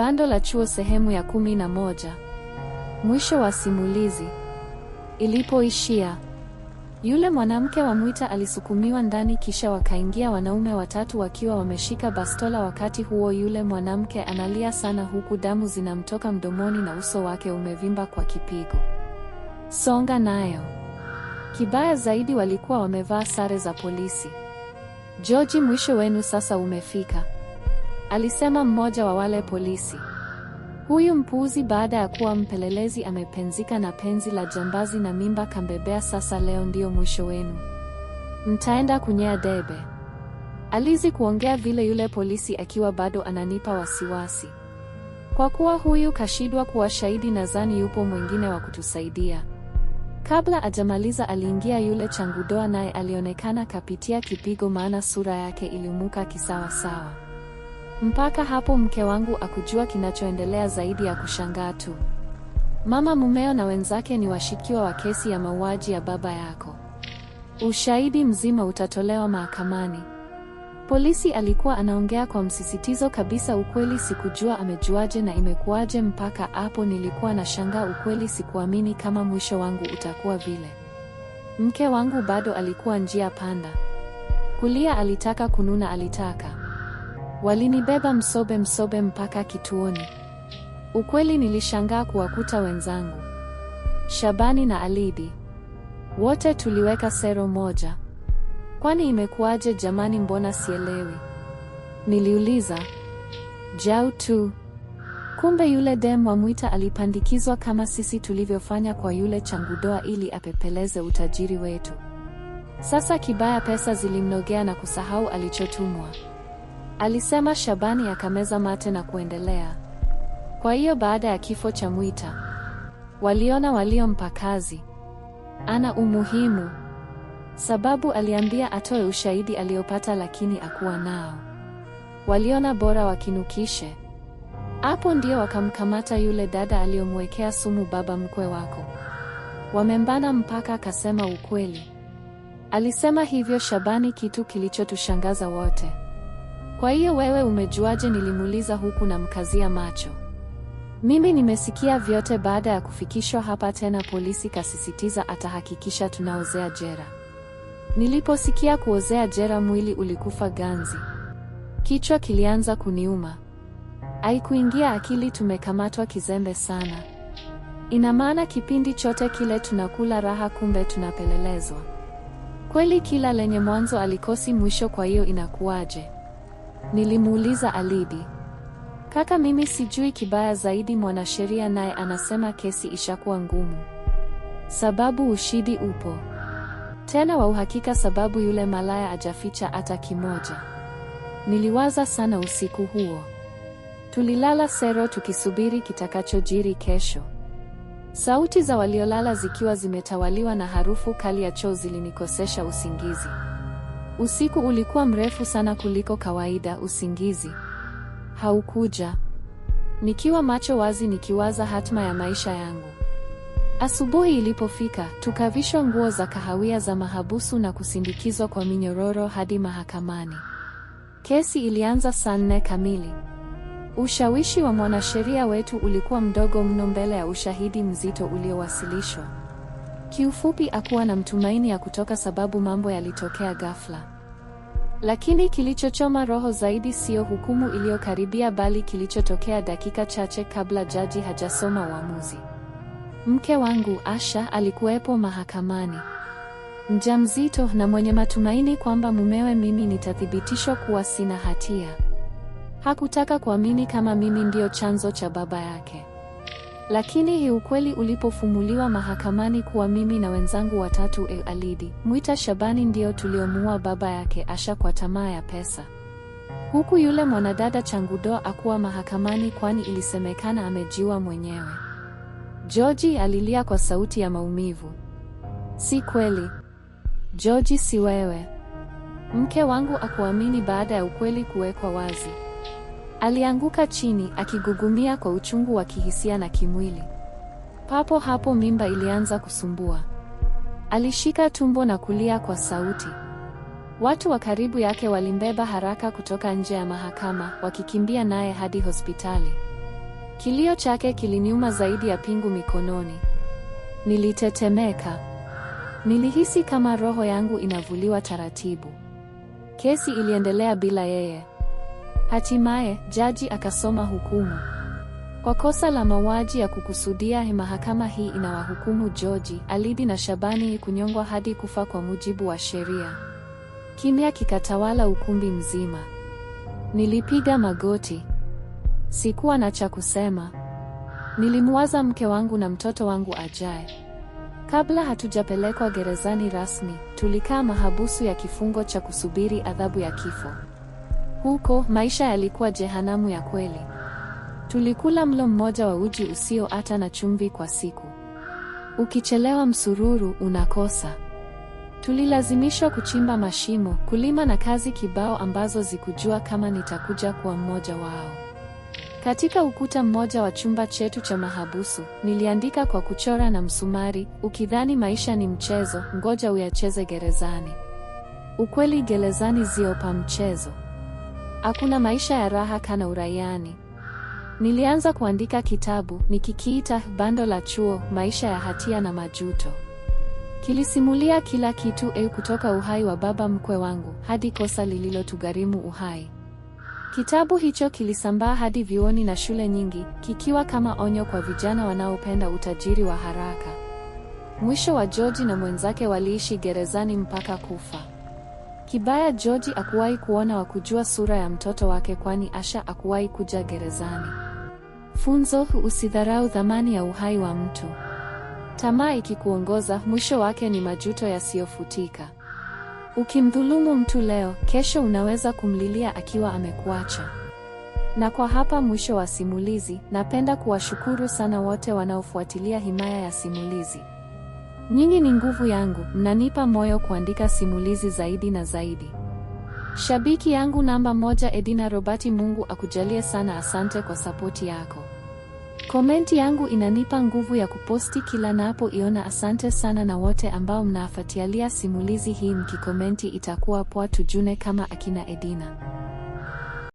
Bando la Chuo sehemu ya kumi na moja. Mwisho wa simulizi. Ilipoishia, yule mwanamke wa Mwita alisukumiwa ndani kisha wakaingia wanaume watatu wakiwa wameshika bastola. Wakati huo yule mwanamke analia sana huku damu zinamtoka mdomoni na uso wake umevimba kwa kipigo. Songa nayo. Kibaya zaidi walikuwa wamevaa sare za polisi. George, mwisho wenu sasa umefika alisema mmoja wa wale polisi. Huyu mpuuzi baada ya kuwa mpelelezi amepenzika na penzi la jambazi na mimba kambebea. Sasa leo ndiyo mwisho wenu, mtaenda kunyea debe. Alizi kuongea vile yule polisi akiwa bado ananipa wasiwasi. Kwa kuwa huyu kashidwa kuwa shahidi, nadhani yupo mwingine wa kutusaidia. Kabla ajamaliza aliingia yule changudoa, naye alionekana kapitia kipigo, maana sura yake ilimuka kisawasawa. Mpaka hapo mke wangu akujua kinachoendelea zaidi ya kushangaa tu. Mama mumeo na wenzake ni washikiwa wa kesi ya mauaji ya baba yako. Ushahidi mzima utatolewa mahakamani. Polisi alikuwa anaongea kwa msisitizo kabisa. Ukweli sikujua amejuaje na imekuwaje. Mpaka hapo nilikuwa na shangaa. Ukweli sikuamini kama mwisho wangu utakuwa vile. Mke wangu bado alikuwa njia panda. Kulia alitaka, kununa alitaka Walinibeba msobe msobe mpaka kituoni. Ukweli nilishangaa kuwakuta wenzangu Shabani na Alidi, wote tuliweka sero moja. Kwani imekuwaje jamani, mbona sielewi? Niliuliza jau tu. Kumbe yule dem wa Mwita alipandikizwa kama sisi tulivyofanya kwa yule Changudoa ili apepeleze utajiri wetu. Sasa kibaya pesa zilimnogea na kusahau alichotumwa alisema Shabani akameza mate na kuendelea. Kwa hiyo baada ya kifo cha Mwita, waliona waliompa kazi ana umuhimu, sababu aliambia atoe ushahidi aliyopata, lakini akuwa nao. Waliona bora wakinukishe. Hapo ndio wakamkamata yule dada aliyomwekea sumu baba mkwe wako. Wamembana mpaka akasema ukweli. Alisema hivyo Shabani, kitu kilichotushangaza wote. Kwa hiyo wewe umejuaje? Nilimuuliza huku namkazia macho. Mimi nimesikia vyote baada ya kufikishwa hapa tena. Polisi kasisitiza atahakikisha tunaozea jera. Niliposikia kuozea jera, mwili ulikufa ganzi, kichwa kilianza kuniuma. Haikuingia akili, tumekamatwa kizembe sana. Ina maana kipindi chote kile tunakula raha, kumbe tunapelelezwa. Kweli kila lenye mwanzo alikosi mwisho. Kwa hiyo inakuwaje? Nilimuuliza Alidi, kaka, mimi sijui kibaya zaidi. Mwanasheria naye anasema kesi ishakuwa ngumu, sababu ushidi upo tena wa uhakika, sababu yule malaya ajaficha hata kimoja. Niliwaza sana usiku huo, tulilala sero tukisubiri kitakachojiri kesho, sauti za waliolala zikiwa zimetawaliwa na harufu kali ya choo zilinikosesha usingizi. Usiku ulikuwa mrefu sana kuliko kawaida, usingizi haukuja. Nikiwa macho wazi nikiwaza hatima ya maisha yangu. Asubuhi ilipofika, tukavishwa nguo za kahawia za mahabusu na kusindikizwa kwa minyororo hadi mahakamani. Kesi ilianza saa nne kamili. Ushawishi wa mwanasheria wetu ulikuwa mdogo mno mbele ya ushahidi mzito uliowasilishwa. Kiufupi akuwa na mtumaini ya kutoka sababu mambo yalitokea ghafla. Lakini kilichochoma roho zaidi siyo hukumu iliyokaribia bali kilichotokea dakika chache kabla jaji hajasoma uamuzi. Mke wangu Asha alikuwepo mahakamani. Mjamzito na mwenye matumaini kwamba mumewe mimi nitathibitishwa kuwa sina hatia. Hakutaka kuamini kama mimi ndiyo chanzo cha baba yake. Lakini ukweli ulipofumuliwa mahakamani kuwa mimi na wenzangu watatu e, Alidi Mwita Shabani ndio tuliomuua baba yake Asha kwa tamaa ya pesa, huku yule mwanadada Changudo akuwa mahakamani, kwani ilisemekana amejiwa mwenyewe. Joji alilia kwa sauti ya maumivu. Si kweli Joji, si wewe. Mke wangu akuamini baada ya ukweli kuwekwa wazi. Alianguka chini akigugumia kwa uchungu wa kihisia na kimwili. Papo hapo mimba ilianza kusumbua. Alishika tumbo na kulia kwa sauti. Watu wa karibu yake walimbeba haraka kutoka nje ya mahakama, wakikimbia naye hadi hospitali. Kilio chake kiliniuma zaidi ya pingu mikononi. Nilitetemeka. Nilihisi kama roho yangu inavuliwa taratibu. Kesi iliendelea bila yeye. Hatimaye, jaji akasoma hukumu. Kwa kosa la mauaji ya kukusudia, mahakama hii inawahukumu George, Alidi na Shabani kunyongwa hadi kufa kwa mujibu wa sheria. Kimya kikatawala ukumbi mzima. Nilipiga magoti. Sikuwa na cha kusema. Nilimwaza mke wangu na mtoto wangu ajaye. Kabla hatujapelekwa gerezani rasmi, tulikaa mahabusu ya kifungo cha kusubiri adhabu ya kifo. Huko maisha yalikuwa jehanamu ya kweli. Tulikula mlo mmoja wa uji usio hata na chumvi kwa siku. Ukichelewa msururu unakosa. Tulilazimishwa kuchimba mashimo, kulima na kazi kibao ambazo zikujua kama nitakuja kuwa mmoja wao. Katika ukuta mmoja wa chumba chetu cha mahabusu, niliandika kwa kuchora na msumari, ukidhani maisha ni mchezo, ngoja uyacheze gerezani. Ukweli gerezani ziopa mchezo. Hakuna maisha ya raha kana uraiani. Nilianza kuandika kitabu nikikiita Bando la Chuo, maisha ya hatia na majuto. Kilisimulia kila kitu eu, kutoka uhai wa baba mkwe wangu hadi kosa lililotugharimu uhai. Kitabu hicho kilisambaa hadi vioni na shule nyingi, kikiwa kama onyo kwa vijana wanaopenda utajiri wa haraka. Mwisho wa George na mwenzake waliishi gerezani mpaka kufa. Kibaya George akuwahi kuona wa kujua sura ya mtoto wake kwani Asha akuwahi kuja gerezani. Funzo: usidharau thamani ya uhai wa mtu. Tamaa ikikuongoza, mwisho wake ni majuto yasiyofutika. Ukimdhulumu mtu leo, kesho unaweza kumlilia akiwa amekuacha. Na kwa hapa mwisho wa simulizi, napenda kuwashukuru sana wote wanaofuatilia Himaya ya Simulizi. Nyinyi ni nguvu yangu, mnanipa moyo kuandika simulizi zaidi na zaidi. Shabiki yangu namba moja Edina Robati, Mungu akujalie sana, asante kwa sapoti yako. Komenti yangu inanipa nguvu ya kuposti kila napoiona, asante sana. Na wote ambao mnaafatialia simulizi hii, mkikomenti itakuwa poa, tujune kama akina Edina.